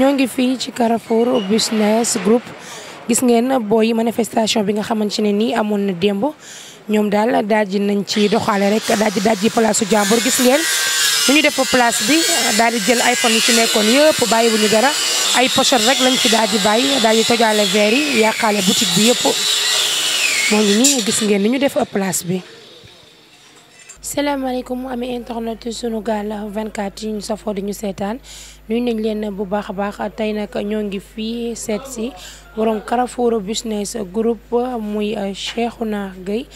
ñoo ngi fii ci Carrefour business group gis ngeen booy manifestation bi nga xamante ne nii amoon na démb ñoom daal daaji nañ ci doxaale rek daaji daaji palaasu jàmbur gis ngeen lu ñu def place bi daldi jël iPhone yi ci nekkoon yëpp bàyyi bu ñu ay pochette rek lañ ci daal di bàyyi daal di tojaale verre yi yàqaale boutique bi yëpp moo ngi nii gis ngeen li ñu def place bi. salaamaaleykum ami internet Sunugal 24 yi ñu safoo di ñu seetaan nuyu nañ leen bu baax a baax tey nag ñoo ngi fii seet si borom Carrefour business group muy Cheikhouna Gueye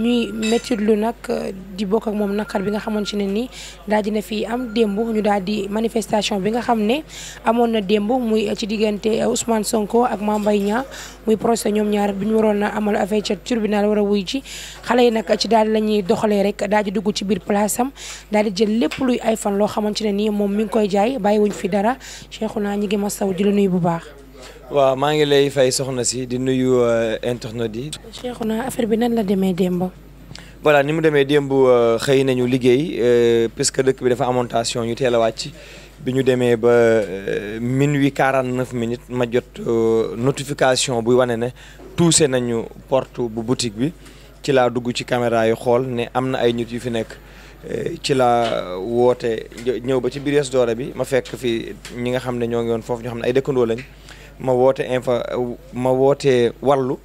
ñuy méttit lu nag euh, di bokk ak moom naqar bi nga xamante ne nii daal dina fi am démb ñu daal di manifestation bi nga xam ne amoon na démb muy euh, ci diggante euh, Ousmane Sonko ak Mame Mbaye Niang muy procès ñoom ñaar bi ñu waroon a amal affaire ca tribunal wuy ji xale yi nag ci daal la ñuy doxalee rek daal di dugg ci biir place am daal di jël lépp luy ay fan loo xamante ne nii moom mu ngi koy jaay bàyyiwuñ fi dara Cheikhouna ñi ngi ma saw di la nuyu bu baax waaw maa ngi lay fay soxna si di nuyu euh, internet yi. Cheikhouna affaire bi nan la demee démb. voilà ni mu demee démb euh, xëy nañu liggéey euh, puisque dëkk bi dafa amoon ñu teel a wàcc bi ñu demee ba minuit 49 minutes ma jot notification buy wane ne tuuse nañu porte bu boutique bi ci laa dugg ci caméra yi xool ne am na ay nit yu fi nekk. ci laa woote ñëw ba ci biir Yes bi ma fekk fi ñi nga xam ne ñoo ngi woon foofu ñoo xam ne ay dëkkandoo lañ. ma woote info ma woote wallu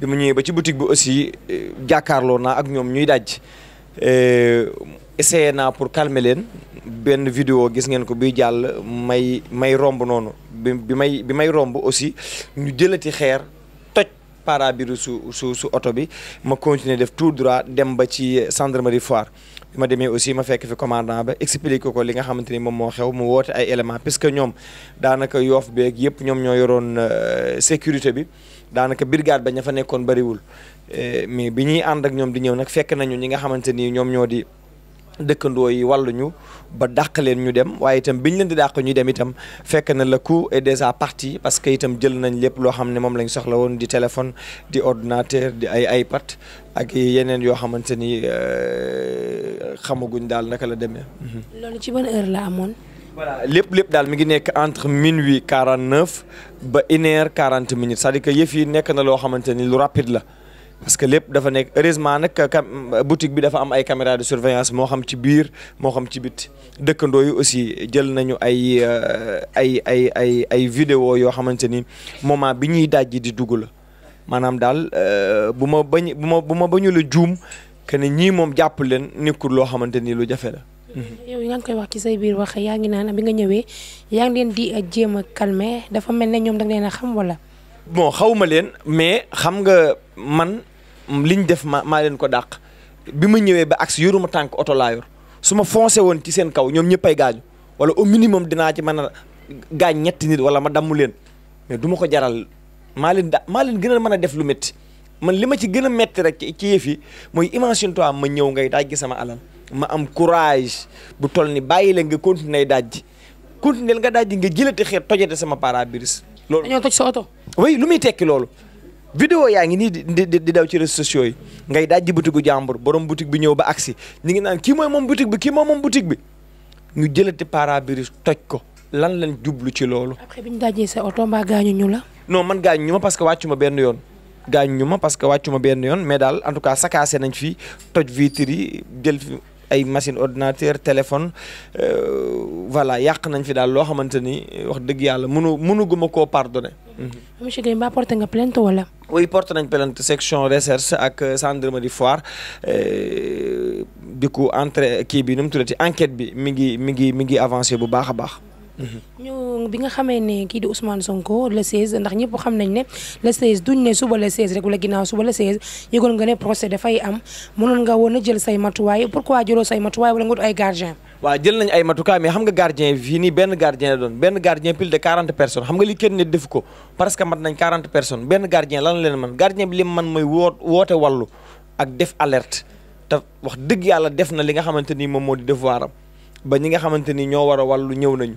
bi ma ñëwee ba ci boutique bi aussi euh, jàkkaarloo naa ak ñoom ñuy daj euh, essayé naa pour calmer leen benn video gis ngeen ko biy jàll may may romb noonu bi bi may bi may romb aussi ñu jëlati xeer toj para biru su su su oto bi ma continuer def tout droit dem ba ci euh, gendarmerie foire ma demee aussi ma fekk fi commandant ba expliqué ko li nga xamante ni moom moo xew mu woote ay éléments que ñoom daanaka yoof beeg yëpp ñoom ñoo yoroon euh, sécurité bi daanaka brigade ba ña fa nekkoon bëriwul euh, mais bi ñuy ànd ak ñoom di ñëw nag fekk nañu ñi nga xamante ni ñoom ñoo di dëkkandoo yi ñu ba dàq leen ñu dem waaye itam biñ leen di dàq ñu dem itam fekk na le coup est déjà parti parce que itam jël nañ lépp loo xam ne moom lañ soxla woon di téléphone di ordinateur di ay iPad ak yeneen yoo xamante ni euh, xamaguñ daal naka la demee. Mhm. loolu ci ban lépp lépp daal mi ngi nekk entre minuit 49 ba une heure 40 minutes c'est-à-dire que yëf yi nekk na loo xamante ni lu rapide la. parce que lépp dafa nekk heureusement nag boutique bi dafa am ay caméra de surveillance moo xam ci biir moo xam ci bit dëkkandoo yi aussi jël nañu ay euh, ay ay ay ay vidéo yoo xamante ni moment bi ñuy dajji di dugg la maanaam daal euh, bu ma bañ bu bu ma bañu juum que ne ñii moom jàpp leen nekkul loo xamante ni lu jafe la. Mmh. yow yaa ngi koy wax ci say biir wax yaa ngi naan bi nga ñëwee yaa ngi leen di euh, jéem a calmer dafa mel ne ñoom da nga leen a xam wala. bon xawma leen mais xam nga man. liñ def ma maa leen ko dàq bi ma ñëwee ba agsi yoruma tànk oto laa su ma foncé woon ci seen kaw ñoom ñëppay gaañu wala au minimum dinaa ci mën a gaañ ñetti nit wala ma dammu leen mais duma ko jaral maa leen da maa leen gën a mën a def lu métti man li ma ci gën a métti rek ci yëf yi mooy imagine toi ma ñëw ngay dajji sama alal ma am courage bu toll ni bàyyi leen nga continuer dajji continuer nga dajji nga jëlati xeet tojate sama pare-brise loolu dañoo toj sa oto oui lu muy tekki loolu vidéo yaa ngi nii di di daw ci réseaux sociaux yi ngay daaj ji boutique gu jàmbur borom boutique bi ñëw ba agsi ñu ngi naan kii mooy moom boutique bi kii mooy moom bi ñu jëlati pare-brise toj ko lan lañ jublu ci loolu. après bi sa oto mbaa gaañu ñu la. non man gaañu ñu ma parce que wàccu ma benn yoon. gaañu ñu ma parce que wàccu ma benn yoon mais daal en cas sakaase nañ fi toj vitres yi jël ay machine ordinateur téléphone euh, voilà yàq nañ fi daal loo xamante ni wax dëgg yàlla mënu mënu guma koo pardonné. monsieur mhm. Guèye mbaa porté nga plainte wala. oui porté nañ plainte section recherche ak di Foire e, di ko entré kii bi nu mu tuddati enquête bi mi ngi mi ngi mi ngi avancé bu baax a baax. Mhm. ñëw bi nga xamee ne kii di Ousmane Sonko le 16 ndax ñëpp xam nañ ne le 16 duñ ne suba le 16 rek wala ginnaaw suba le 16 yëgoon nga ne procès dafay am mënoon nga woon na jël say matuwaay pourquoi jëloo say matuwaay wala nga wut ay gardien. waa jël nañ ay matuka mais xam nga gardien fii nii benn gardien la doon benn gardien pile a 40 personnes xam nga li kenn nit def ko parce que mat nañ 40 personnes benn gardien lan leen man gardien bi man mooy woote wallu ak def alerte wax dëgg yàlla def na li nga xamante ni moom moo di devoir am ba ñi nga xamante ni ñoo war a wàllu ñëw nañu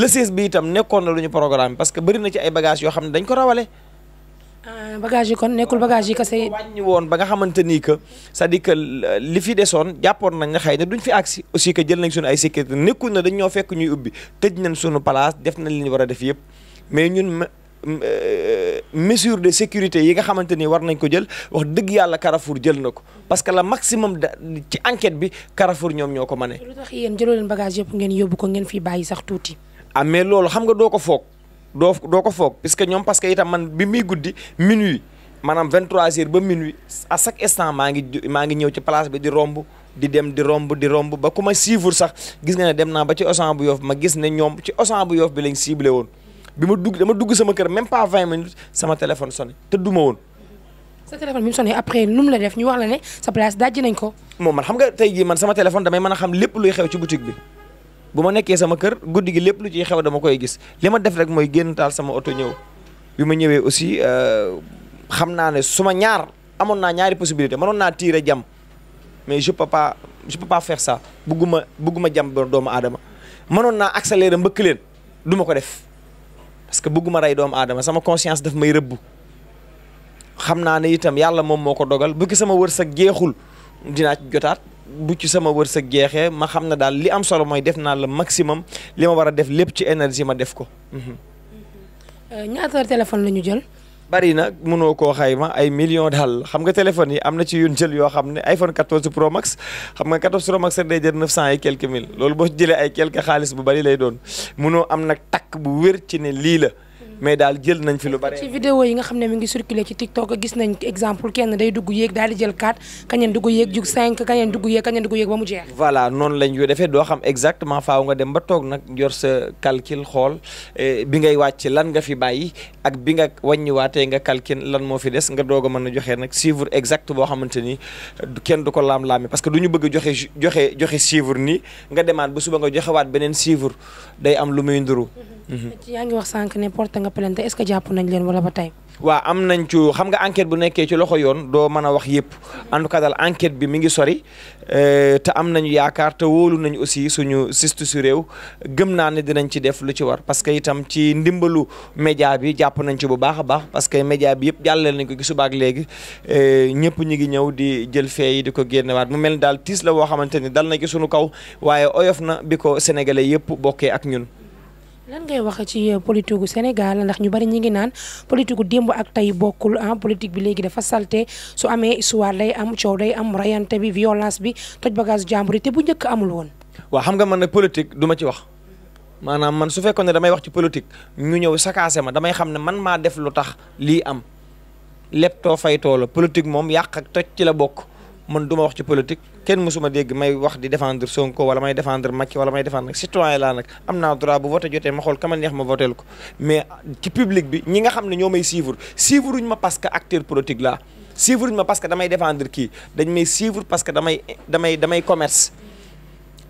le 16 bi itam nekkoon na lu ñu programme parce que bëri na ci ay bagages yoo xam ne dañ ko rawale Euh, bagage yi kon nekkul bagage yi kese yi. wàññi woon ba nga xamante ni que c'est-à-dire que li fi desoon jàppoon nañ ne xëy na duñ fi agsi aussi que jël nañ suñu ay sécurité nekkul na dañ ñoo fekk ñuy ubbi tëj nañ sunu place def nañ li ñu war a def yëpp mais ñun euh, mesure de sécurité yi xamante ni war nañ ko jël wax dëgg yàlla Carrefour jël na ko parce que le maximum da ci enquête bi Carrefour ñoom ñoo ko mane. lu tax yéen jëloo leen bagage yëpp ngeen yóbbu ko ngeen fi bàyyi sax tuuti. ah mais loolu xam nga doo ko foog. doo doo ko foog puisque ñoom parce que itam man bi muy guddi minuit maanaam 23h ba minuit à chaque instant maa ngi maa ngi ñëw ci place bi di romb di dem di romb di romb ba ku ma suivre sax gis nga ne dem naa ba ci Auchan bu Yoff ma gis ne ñoom ci Auchan bu Yoff bi lañ ciblé woon bi ma dugg dama dugg sama kër même pas 20 minutes sama téléphone sonné tëddu ma woon. sa téléphone bi mu après nu la def ñu wax la ne sa place dajji nañ ko. moom man xam nga tey jii man sama téléphone damay mën a xam lépp luy xew ci boutique bi. bu ma nekkee sama kër guddi gi lépp lu ciy xew dama koy gis li ma def rek mooy génn taal sama oto ñëw bi ma ñëwee aussi euh, xam naa ne su ñaar amoon naa ñaari possibilité manoon naa tiire jam mais je peux pas je peux pas faire ça bugguma bugguma jam doomu aadama mënoon naa accélérer mbëkk leen du ko def parce que bugguma rey doomu aadama sama conscience daf may rëbb xam naa ne itam yàlla moom moo ko dogal bu ki sama wërsëg jeexul dinaa jotaat bu ci sama wërsëg jeexee ma xam na daal li am solo mooy def naa la maximum li ma war a def lépp ci énergie ma def ko. Mhm. Euh, ñaata téléphone la ñu jël. bari na mënoo koo xayma ay millions daal xam nga téléphone yi am na ci yu jël yoo xam ne iPhone 14 Pro xam nga 14 Pro Max rek day jël 900 et quelques mille loolu boo jëlee ay quelques xaalis bu bari lay doon mënoo am nag takk bu wér ci ne lii la. mais daal jël nañ fi lu bare ci vidéo yi nga xam ne mi ngi circulé ci TikTok gis nañ exemple kenn day dugg yéeg daal di jël 4 kañeen dugg yéeg jug 5 kañeen dugg yéeg kañeen dugg yéeg ba mu jeex. voilà noonu lañ koy defee doo xam exactement faaw nga dem ba toog nag yor sa calcul xool eh, bi ngay wàcc lan nga fi bàyyi ak bi nga wàññiwaatee nga calcul lan moo fi des nga doog mën a joxe nag chiffre exact boo xamante ni kenn du ko laam-laame parce que du ñu bëgg joxe joxe joxe chiffre ni nga demaat ba suba nga joxewaat beneen chiffre day am lu muy ndiru mhm. Mhm. yaa ngi wax sànq ne porte nga plainte est-ce que jàpp nañ leen wala ba tey. waa am nañ ci xam nga enquête bu nekkee ci loxo yoon doo mën a wax yëpp mhm. en tout cas daal enquête bi mi ngi sori euh, te am nañu yaakaar te woolu nañ aussi suñu siste su réew gëm naa ne dinañ ci def lu ci war parce que itam ci ndimbalu média bi jàpp nañ ci bu baax a baax parce que média bi yëpp jàllale nañ ko gisu baak léegi euh, ñëpp ñu ngi ñëw di jël fee di ko génnewaat mu mel ni daal tiis la boo xamante ni dal na ci suñu kaw waaye oyof na bi ko sénégalais yëpp bokkee ak ñun. nan ngay wax ci euh, politique gu Sénégal ndax ñu bari ñi ngi naan politique gu démb ak tey bokkul ah politique bi léegi dafa salté su amee histoire day am coow day am rayante bi violence bi toj bagage jàmbur te bu njëkk amul woon. waa xam nga man ne politique duma ci wax maanaam man su fekkoon ne damay wax ci politique ñu ñëw sakaase ma damay xam ne man maa def lu tax lii am lépp too fay toolo politique moom yàq ak toj ci la bokk. man du ma wax ci politique kenn mësuma dégg may wax di défendre Sonko wala may défendre Macky wala may défendre nag citoyen laa nag am naa droit bu voté jotee ma xool kama neex ma votel ko mais ci public bi ñi nga xam ne ñoo may suivre suivre uñ ma parce que acteur politique la suivre uñ ma parce que damay défendre ki dañ may suivre parce que damay damay damay commerce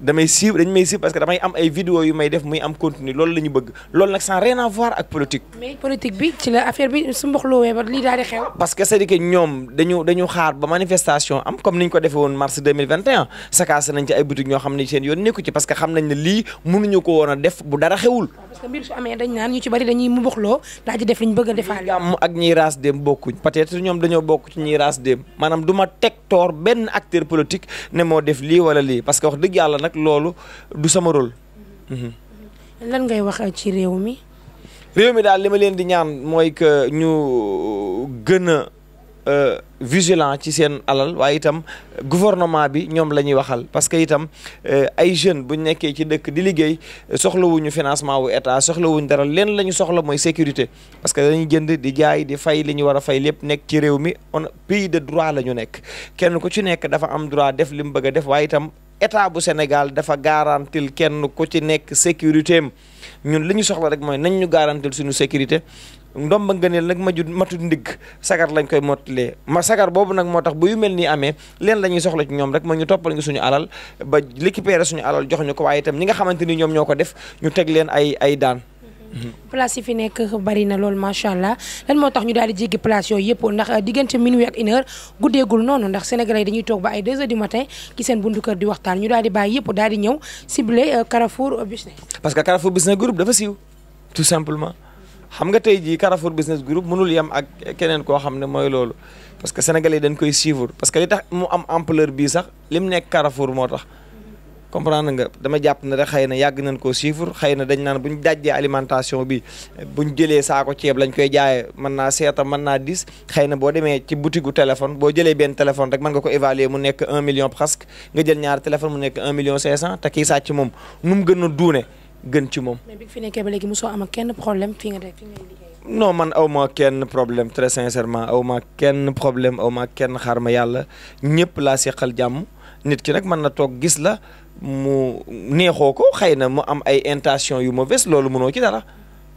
damay suivre dañ may suivre parce que damay am ay vidéo yu may def muy am contenu loolu la ñu bëgg loolu nag sans rien à voir ak politique. mais politique bi ci la affaire bi su mboq loowee ba lii daal xew. parce que cest à ñoom dañu xaar ba manifestation am comme ni ñu ko defee woon mars 2021 sakaase nañ ci ay boutique ñoo xam ne seen yoon nekku ci parce que xam nañ ne lii mënuñu ko woon a def bu dara xewul. parce que mbir su dañ naan ñu ci bari dañuy mu buxloo daal di def liñ bëgg a defaale gàmm ak ñiy raas dem bokkuñ peut ñoom dañoo bokk ci ñiy raas dem maanaam du ma teg toor benn acteur politique ne moo def lii wala lii parce que wax dëgg yàlla nag loolu du sama rôle. Mhm. lan ngay wax ci réew mi. réew mi daal li ma leen di ñaan mooy que ñu gën a Euh, vigilant ci seen alal waaye itam gouvernement bi ñoom la ñuy waxal parce que itam euh, ay jeunes bu nekkee ci dëkk di liggéey soxlawuñu financement wu état soxlawuñu dara leen la ñu soxla mooy sécurité parce que dañuy jënd di jaay di fay li ñu war a fay lépp nekk ci réew mi on pays de droit la ñu nekk kenn ku ci nekk dafa am droit def li mu bëgg a def waaye itam état bu Sénégal dafa garantil kenn ko ci nekk sécurité am ñun li ñu soxla rek mooy nañ ñu garantil suñu sécurité ndomba ngëneel nag maju matul ndigg sagar lañ koy mottalee ma sagar boobu nag moo tax bu yu mel nii amee leen la ñuy soxla ci ñoom rek moo ñu toppal ñu suñu alal ba récupérer suñu alal jox ñu ko waaye itam ñi nga xamante ni ñoom ñoo ko def ñu teg leen ay ay daan place yi fi nekk bari na lool macha allah lan moo tax ñu daal di jéggi place yooyu yëpp ndax euh, diggante minuit ak une heure guddeegul noonu ndax sénégalais dañuy toog ba ay deux heures du matin ci seen buntu kër di waxtaan ñu daal di bàyyi yëpp daal di ñëw ciblé euh, Carrefour Business. parce que Carrefour Business Group dafa siiw tout simplement. xam nga tey jii Carrefour Business Group mënul yem ak keneen ko xam ne mooy loolu parce que sénégalais yi dañ koy suivre parce que li tax mu am ampleur bii sax lim nekk Carrefour moo tax comprendre nga dama jàpp ne rek xëy na yàgg nañ koo suivre xëy na dañ naan bu ñu dajjee alimentation bi bu ñu jëlee saako ceeb lañ koy jaayee mën naa seeta mën naa dis xëy na boo demee ci boutique gu téléphone boo jëlee benn téléphone rek mën nga ko évaluer mu nekk un million presque nga jël ñaari téléphone mu nekk un million cinq cent te kii sàcc moom nu a duune gën ci moom. mais bi fi nekkee ba léegi mosoo am ak kenn problème non man aw ma kenn problème très sincèrement aw ma kenn problème aw ma kenn xaar ma yàlla ñëpp laa seqal jàmm nit ki nag mën na toog gis la mu neexoo ko xëy na mu am ay intention yu mauvaise loolu noo ci dara.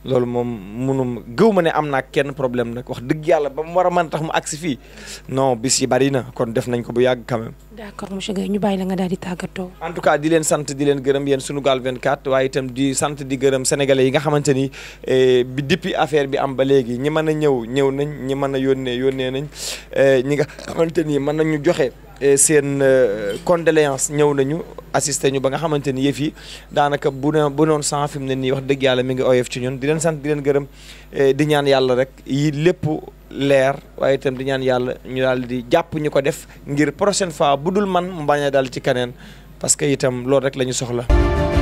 loolu moom munu gëw ma ne am naa kenn problème nag wax dëgg yàlla ba mu war a mën tax mu agsi fii non bis yi bari na kon def nañ ko bu yàgg quand même. d'accord monsieur Guèye ñu bàyyi la nga daal di tàggatoo. en tout cas di leen sant di leen gërëm yéen Sunugal 24 waaye itam di sant di gërëm sénégalais yi nga xamante ni eh, bi depuis affaire bi am ba léegi ñi mën a ñëw ñëw nañ ñi mën a yónnee yónnee nañ eh, ñi nga xamante ni mën nañu joxe. Eh, seen eh, condoléance ñëw nañu assisté ñu ba nga xamante ni yëf yi daanaka bu ne bu noon sant fi mu ne nii wax dëgg yàlla mi ngi oyof ci ñun di leen sant di leen gërëm eh, di ñaan yàlla rek yi lépp leer waaye itam di ñaan yàlla ñu daal di jàpp ñu ko def ngir prochaine fois bu dul man mu bañ a ci keneen parce que itam loolu rek la ñu soxla.